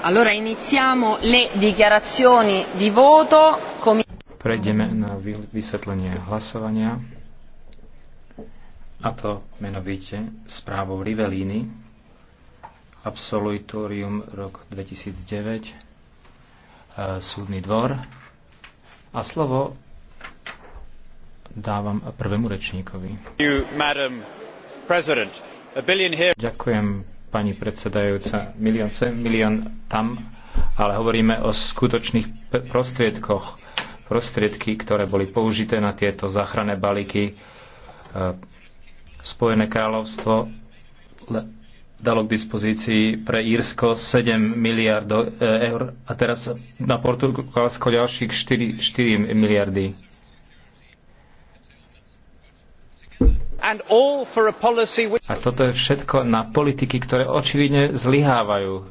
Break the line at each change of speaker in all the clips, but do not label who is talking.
Allora iniziamo le dichiarazioni di voto. Com...
Prejdeme na vysvetlenie hlasovania a to menovite správou Rivelíny Absolutorium rok 2009 e, Súdny dvor a slovo dávam prvému rečníkovi. You, Ďakujem pani predsedajúca. Milión sem, milión tam, ale hovoríme o skutočných prostriedkoch. Prostriedky, ktoré boli použité na tieto záchranné balíky. E, Spojené kráľovstvo dalo k dispozícii pre Írsko 7 miliard e, eur a teraz na Portugalsko ďalších 4, 4 miliardy A toto je všetko na politiky, ktoré očividne zlyhávajú.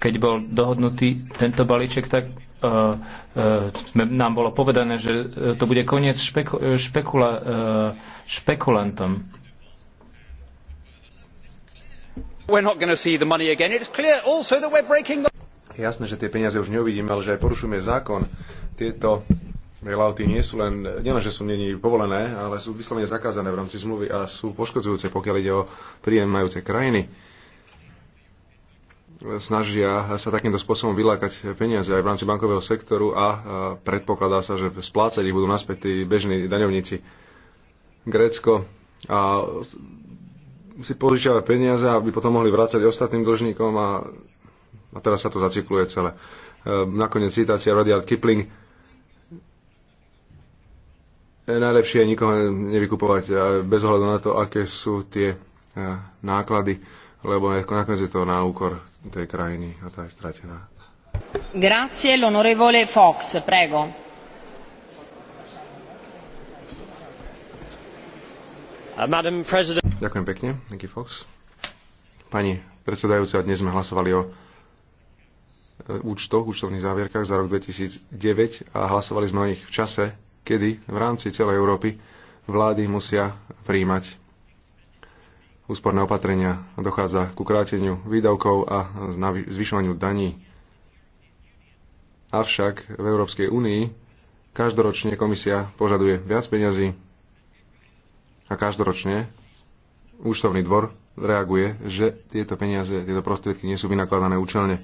Keď bol dohodnutý tento balíček, tak uh, uh, nám bolo povedané, že e, to bude koniec špeku- špekula, uh, špekulantom. Jasné,
že tie peniaze už neuvidíme, ale že aj porušujeme zákon. Tieto Relauty nie sú len, nielen, že sú není povolené, ale sú vyslovene zakázané v rámci zmluvy a sú poškodzujúce, pokiaľ ide o príjem majúce krajiny. Snažia sa takýmto spôsobom vylákať peniaze aj v rámci bankového sektoru a predpokladá sa, že splácať ich budú naspäť tí bežní daňovníci. Grécko a si požičiava peniaze, aby potom mohli vrácať ostatným dlžníkom a, a teraz sa to zacikluje celé. Ehm, nakoniec citácia Rudyard Kipling najlepšie je nikoho nevykupovať bez ohľadu na to, aké sú tie e, náklady, lebo nakoniec je to na úkor tej krajiny a tá je stratená.
Grazie, l'onorevole Fox, prego.
Uh, Ďakujem pekne, Nicky Fox. Pani predsedajúca, dnes sme hlasovali o e, účtoch, účtovných závierkach za rok 2009 a hlasovali sme o nich v čase, kedy v rámci celej Európy vlády musia príjmať úsporné opatrenia. Dochádza ku kráteniu výdavkov a zvyšovaniu daní. Avšak v Európskej únii každoročne komisia požaduje viac peňazí a každoročne účtovný dvor reaguje, že tieto peniaze, tieto prostriedky nie sú vynakladané účelne.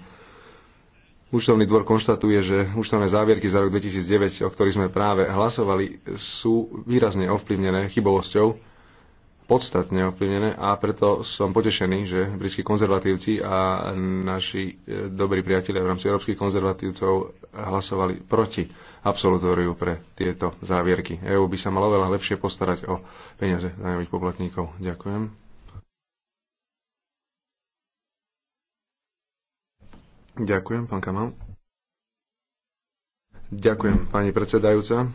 Účtovný dvor konštatuje, že účtovné závierky za rok 2009, o ktorých sme práve hlasovali, sú výrazne ovplyvnené chybovosťou, podstatne ovplyvnené a preto som potešený, že britskí konzervatívci a naši e, dobrí priatelia v rámci európskych konzervatívcov hlasovali proti absolutóriu pre tieto závierky. EÚ by sa malo veľa lepšie postarať o peniaze daňových poplatníkov. Ďakujem. Ďakujem, pán Kamal. Ďakujem, pani predsedajúca.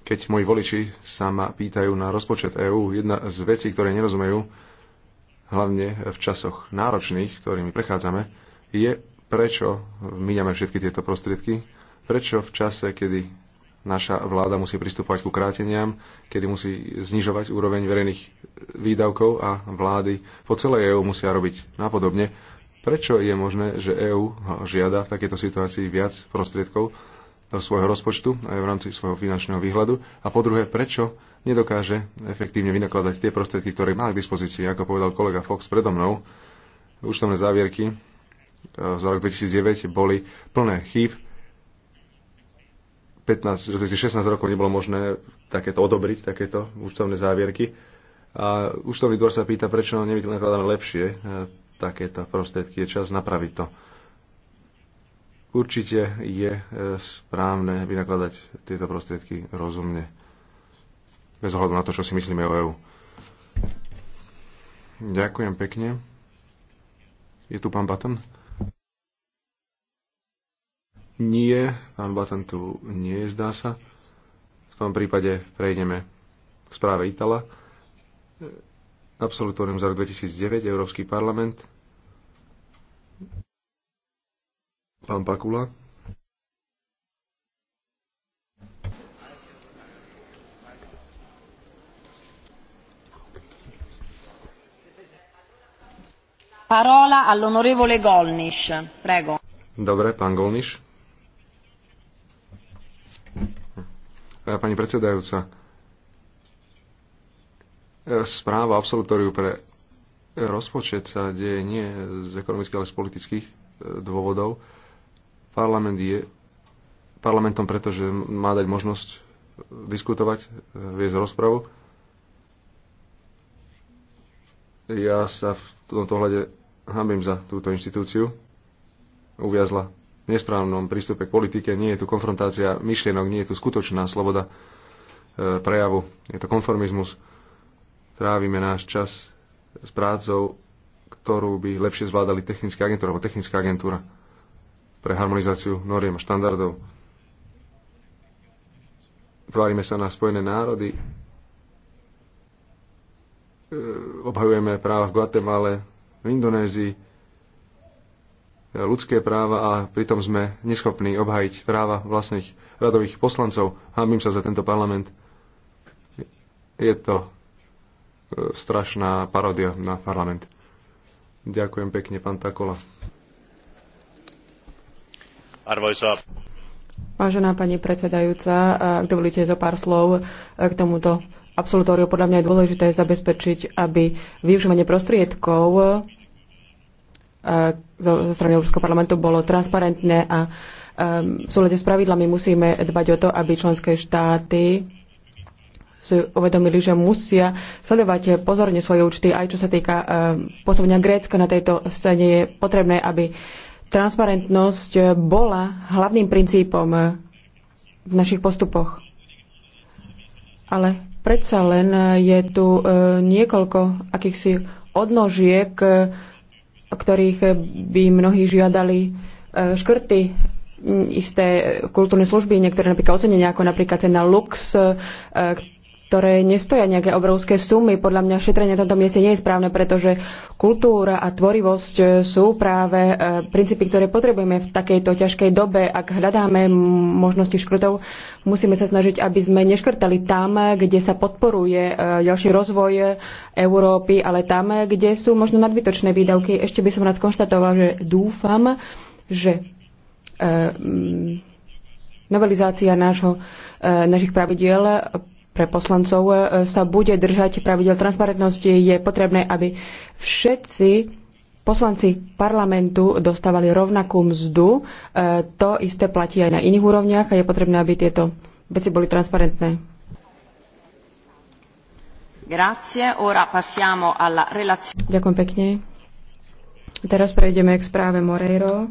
Keď moji voliči sa ma pýtajú na rozpočet EÚ, jedna z vecí, ktoré nerozumejú, hlavne v časoch náročných, ktorými prechádzame, je, prečo míňame všetky tieto prostriedky, prečo v čase, kedy naša vláda musí pristupovať ku kráteniam, kedy musí znižovať úroveň verejných výdavkov a vlády po celej EÚ musia robiť napodobne, Prečo je možné, že EÚ žiada v takejto situácii viac prostriedkov do svojho rozpočtu aj v rámci svojho finančného výhľadu? A po druhé, prečo nedokáže efektívne vynakladať tie prostriedky, ktoré má k dispozícii, ako povedal kolega Fox predo mnou, účtovné závierky e, za rok 2009 boli plné chýb, 15, 16 rokov nebolo možné takéto odobriť, takéto účtovné závierky. A účtovný dvor sa pýta, prečo nevykladáme lepšie e, takéto prostriedky. Je čas napraviť to. Určite je e, správne vynakladať tieto prostriedky rozumne. Bez ohľadu na to, čo si myslíme o EÚ. Ďakujem pekne. Je tu pán button. Nie, pán button tu nie je, zdá sa. V tom prípade prejdeme k správe Itala absolutórium za rok 2009, Európsky parlament. Pán Pakula.
Parola all'onorevole Golnish. Prego.
Dobre, pán Golnish. Pani predsedajúca, správa absolutóriu pre rozpočet sa deje nie z ekonomických, ale z politických e, dôvodov. Parlament je parlamentom, pretože má dať možnosť e, diskutovať, e, viesť rozpravu. Ja sa v tomto hľade hambím za túto inštitúciu. Uviazla v nesprávnom prístupe k politike. Nie je tu konfrontácia myšlienok, nie je tu skutočná sloboda prejavu. Je to konformizmus trávime náš čas s prácou, ktorú by lepšie zvládali technické agentúra alebo technická agentúra pre harmonizáciu noriem a štandardov. Tvárime sa na Spojené národy, e, obhajujeme práva v Guatemale, v Indonézii, e, ľudské práva a pritom sme neschopní obhajiť práva vlastných radových poslancov. Hambím sa za tento parlament. Je to strašná paródia na parlament. Ďakujem pekne, pán Takola.
Arvoisa.
Vážená pani predsedajúca, ak dovolíte zo pár slov e, k tomuto absolutóriu, podľa mňa je dôležité zabezpečiť, aby využívanie prostriedkov e, zo strany Európskeho parlamentu bolo transparentné a e, v súlade s pravidlami musíme dbať o to, aby členské štáty si uvedomili, že musia sledovať pozorne svoje účty, aj čo sa týka eh, pôsobenia Grécka na tejto scéne, je potrebné, aby transparentnosť bola hlavným princípom eh, v našich postupoch. Ale predsa len eh, je tu niekoľko akýchsi odnožiek, ktorých by mnohí žiadali škrty isté kultúrne služby, niektoré napríklad ocenenia, ako napríklad ten Lux, ktoré nestoja nejaké obrovské sumy. Podľa mňa šetrenie na tomto mieste nie je správne, pretože kultúra a tvorivosť sú práve e, princípy, ktoré potrebujeme v takejto ťažkej dobe. Ak hľadáme možnosti škrtov, musíme sa snažiť, aby sme neškrtali tam, kde sa podporuje e, ďalší rozvoj Európy, ale tam, kde sú možno nadbytočné výdavky. Ešte by som rád skonštatoval, že dúfam, že e, novelizácia nášho, našich pravidiel pre poslancov e, e, sa bude držať pravidel transparentnosti. Je potrebné, aby všetci poslanci parlamentu dostávali rovnakú mzdu. E, to isté platí aj na iných úrovniach a je potrebné, aby tieto veci boli transparentné. Ďakujem pekne. Teraz prejdeme k správe Moreiro.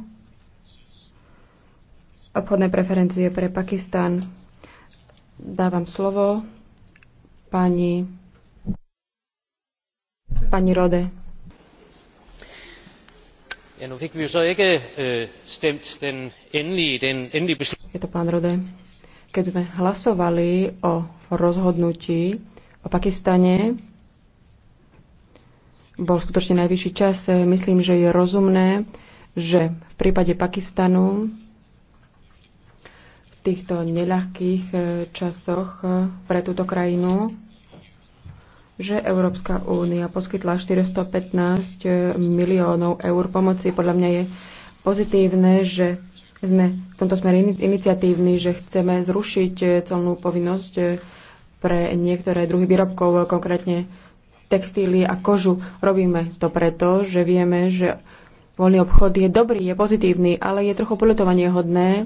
Obchodné preferencie pre Pakistan. Dávam slovo pani, pani Rode.
Ja, nu fik vi jo så ikke øh, stemt den endelige, den endelige beslutning.
Je to pán Rode. Keď sme hlasovali o rozhodnutí o Pakistane, bol skutočne najvyšší čas. Myslím, že je rozumné, že v prípade Pakistanu v týchto neľahkých eh, časoch eh, pre túto krajinu že Európska únia poskytla 415 eh, miliónov eur pomoci. Podľa mňa je pozitívne, že sme v tomto smere iniciatívni, že chceme zrušiť eh, celnú povinnosť eh, pre niektoré druhy výrobkov, konkrétne textíly a kožu. Robíme to preto, že vieme, že voľný obchod je dobrý, je pozitívny, ale je trochu poľutovanie hodné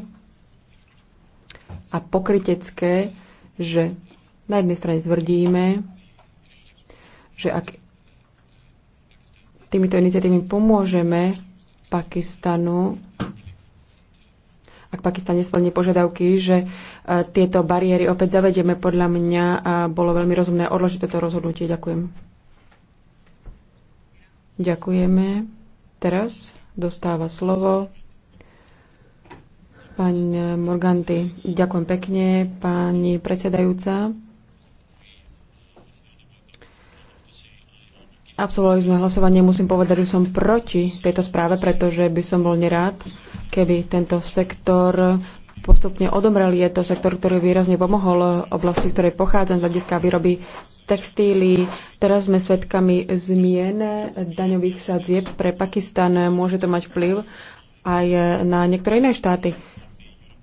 a pokrytecké, že na jednej strane tvrdíme, že ak týmito iniciatívami pomôžeme Pakistanu, ak Pakistan nesplní požiadavky, že e, tieto bariéry opäť zavedieme, podľa mňa a bolo veľmi rozumné odložiť toto rozhodnutie. Ďakujem. Ďakujeme. Teraz dostáva slovo Pani Morganti. Ďakujem pekne, pani predsedajúca. Absolvovali sme hlasovanie, musím povedať, že som proti tejto správe, pretože by som bol nerád, keby tento sektor postupne odomrel. Je to sektor, ktorý výrazne pomohol oblasti, v ktorej pochádzam z hľadiska výroby textílií. Teraz sme svedkami zmien daňových sadzieb pre Pakistan. Môže to mať vplyv aj na niektoré iné štáty.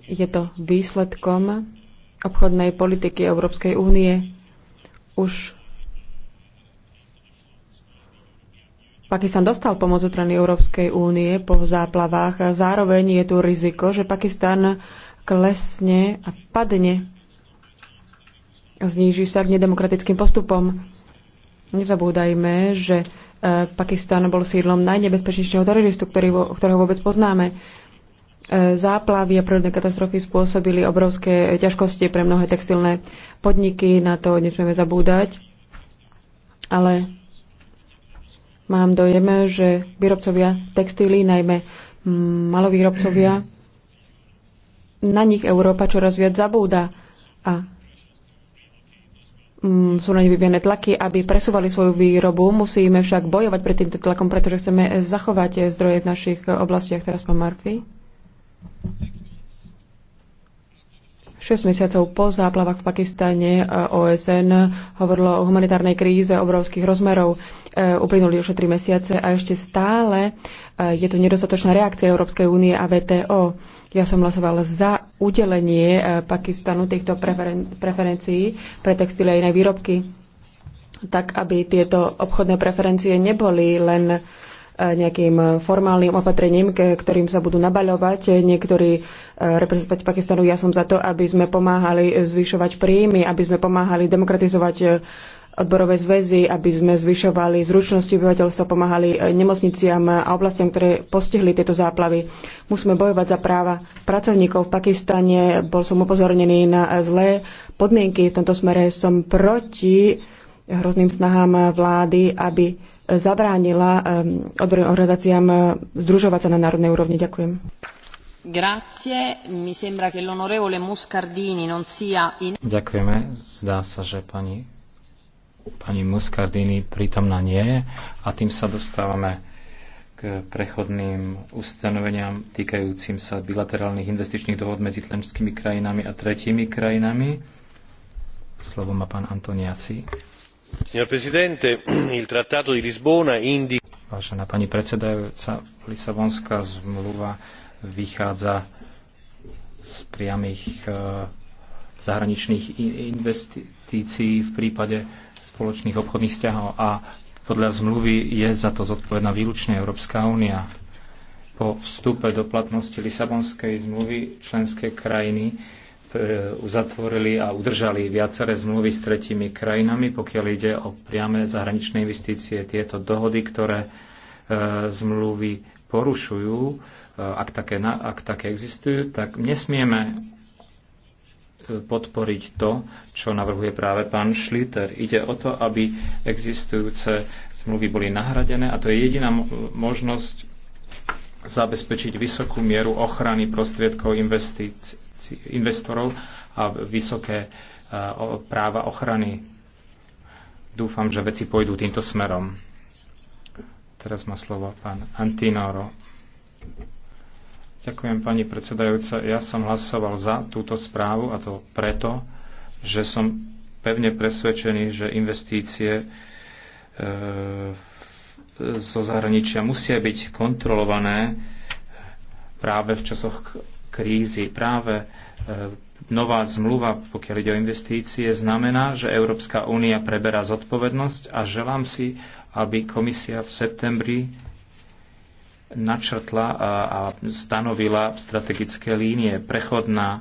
Je to výsledkom obchodnej politiky Európskej únie. Už Pakistan dostal pomoc zo strany Európskej únie po záplavách. a Zároveň je tu riziko, že Pakistan klesne a padne. a Zníži sa k nedemokratickým postupom. Nezabúdajme, že e, Pakistan bol sídlom najnebezpečnejšieho teroristu, ktorého vôbec poznáme. E, záplavy a prírodné katastrofy spôsobili obrovské ťažkosti pre mnohé textilné podniky, na to nesmieme zabúdať. Ale Mám dojem, že výrobcovia textíly, najmä malovýrobcovia, na nich Európa čoraz viac zabúda a mm, sú na ne vyvíjane tlaky, aby presúvali svoju výrobu. Musíme však bojovať pred týmto tlakom, pretože chceme zachovať zdroje v našich oblastiach. Teraz pán Murphy. 6 mesiacov po záplavách v Pakistane eh, OSN hovorilo o humanitárnej kríze obrovských rozmerov. Eh, uplynuli už 3 mesiace a ešte stále eh, je tu nedostatočná reakcia Európskej únie a VTO. Ja som hlasovala za udelenie Pakistanu týchto preferen- preferencií pre textíly a iné výrobky, tak aby tieto obchodné preferencie neboli len E, nejakým formálnym opatrením, ktorým sa budú nabaľovať niektorí e, reprezentanti Pakistanu. Ja som za to, aby sme pomáhali zvyšovať príjmy, aby sme pomáhali demokratizovať e, odborové zväzy, aby sme zvyšovali zručnosti obyvateľstva, pomáhali nemocniciam a oblastiam, ktoré postihli tieto záplavy. Musíme bojovať za práva pracovníkov v Pakistane. Bol som upozornený na zlé podmienky. V tomto smere som proti hrozným snahám vlády, aby zabránila odborovým organizáciám združovať sa na národnej úrovni. Ďakujem.
Grazie. Mi sembra che l'onorevole Muscardini non sia in...
Ďakujeme. Zdá sa, že pani, pani Muscardini prítomná nie je a tým sa dostávame k prechodným ustanoveniam týkajúcim sa bilaterálnych investičných dohod medzi členskými krajinami a tretími krajinami. Slovo má pán Antoniaci. Vážená pani predsedajúca, Lisabonská zmluva vychádza z priamých e, zahraničných investícií v prípade spoločných obchodných vzťahov a podľa zmluvy je za to zodpovedná výlučne Európska únia. Po vstupe do platnosti Lisabonskej zmluvy členské krajiny E, uzatvorili a udržali viaceré zmluvy s tretimi krajinami, pokiaľ ide o priame zahraničné investície. Tieto dohody, ktoré e, zmluvy porušujú, e, ak také, ak také existujú, tak nesmieme podporiť to, čo navrhuje práve pán Schlitter. Ide o to, aby existujúce zmluvy boli nahradené a to je jediná možnosť zabezpečiť vysokú mieru ochrany prostriedkov investícií investorov a vysoké e, práva ochrany. Dúfam, že veci pôjdu týmto smerom. Teraz má slovo pán Antinoro. Ďakujem, pani predsedajúca. Ja som hlasoval za túto správu a to preto, že som pevne presvedčený, že investície e, zo zahraničia musia byť kontrolované práve v časoch krízy. Práve e, nová zmluva, pokiaľ ide o investície, znamená, že Európska únia preberá zodpovednosť a želám si, aby komisia v septembri načrtla a, a stanovila strategické línie. Prechodná e,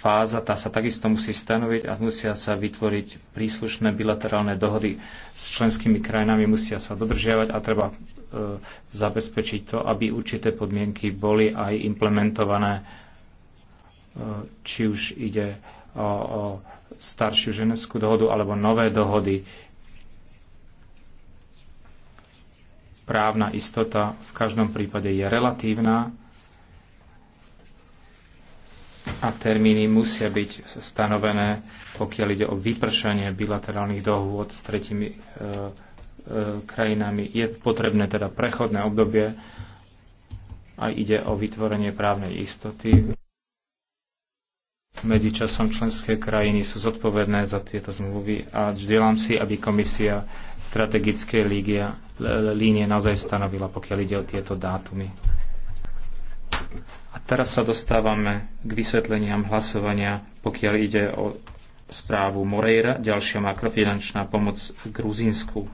fáza, tá sa takisto musí stanoviť a musia sa vytvoriť príslušné bilaterálne dohody s členskými krajinami, musia sa dodržiavať a treba E, zabezpečiť to, aby určité podmienky boli aj implementované, e, či už ide o, o staršiu ženevskú dohodu alebo nové dohody. Právna istota v každom prípade je relatívna a termíny musia byť stanovené, pokiaľ ide o vypršanie bilaterálnych dohôd s tretimi e, E, krajinami je potrebné teda prechodné obdobie a ide o vytvorenie právnej istoty. Medzičasom členské krajiny sú zodpovedné za tieto zmluvy a želám si, aby komisia strategické línie naozaj stanovila, pokiaľ ide o tieto dátumy. A teraz sa dostávame k vysvetleniam hlasovania, pokiaľ ide o správu Moreira, ďalšia makrofinančná pomoc v Gruzínsku.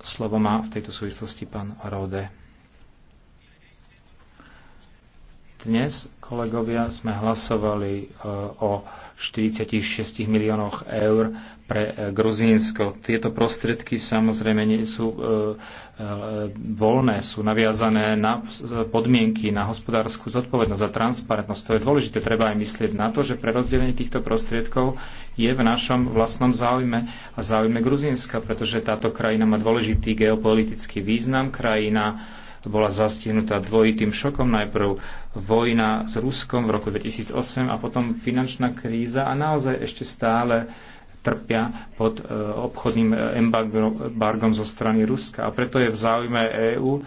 Slovo má v tejto súvislosti pán Rode. Dnes, kolegovia, sme hlasovali e, o 46 miliónoch eur pre e, Gruzínsko. Tieto prostriedky samozrejme nie sú e, voľné, sú naviazané na podmienky, na hospodárskú zodpovednosť a transparentnosť. To je dôležité. Treba aj myslieť na to, že pre rozdelenie týchto prostriedkov je v našom vlastnom záujme a záujme Gruzínska, pretože táto krajina má dôležitý geopolitický význam. Krajina bola zastihnutá dvojitým šokom najprv vojna s Ruskom v roku 2008 a potom finančná kríza a naozaj ešte stále trpia pod e, obchodným e, embargom zo strany Ruska. A preto je v záujme EÚ e,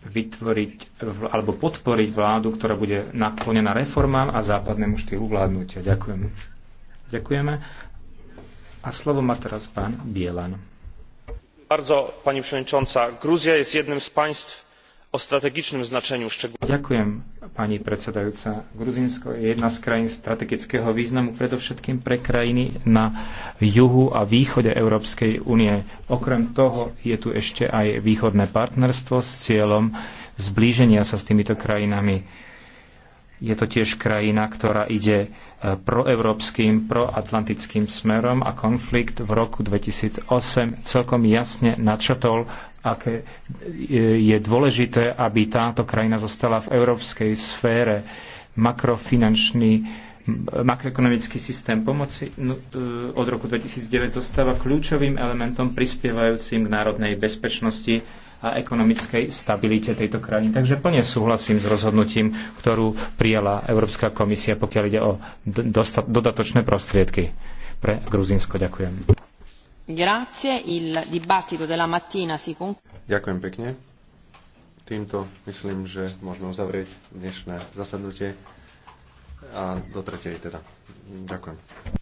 vytvoriť alebo podporiť vládu, ktorá bude naklonená reformám a západnému štýlu vládnutia. Ďakujem. Ďakujeme. A slovo má teraz pán Bielan. Bardzo, pani przewodnicząca. Gruzja jest jednym z państw o strategicznym znaczeniu szczególnie. Ďakujem, pani predsedajúca. Gruzinsko je jedna z krajín strategického významu predovšetkým pre krajiny na juhu a východe Európskej únie. Okrem toho je tu ešte aj východné partnerstvo s cieľom zblíženia sa s týmito krajinami je to tiež krajina, ktorá ide e, proevropským, proatlantickým smerom a konflikt v roku 2008 celkom jasne načotol, aké e, je dôležité, aby táto krajina zostala v európskej sfére. Makrofinančný makroekonomický systém pomoci no, e, od roku 2009 zostáva kľúčovým elementom prispievajúcim k národnej bezpečnosti a ekonomickej stabilite tejto krajiny. Takže plne súhlasím s rozhodnutím, ktorú prijala Európska komisia, pokiaľ ide o dodatočné prostriedky pre Gruzinsko. Ďakujem.
Grazie, il dibattito della mattina si
Ďakujem pekne. Týmto
myslím, že môžeme uzavrieť dnešné zasadnutie a do tretej teda. Ďakujem.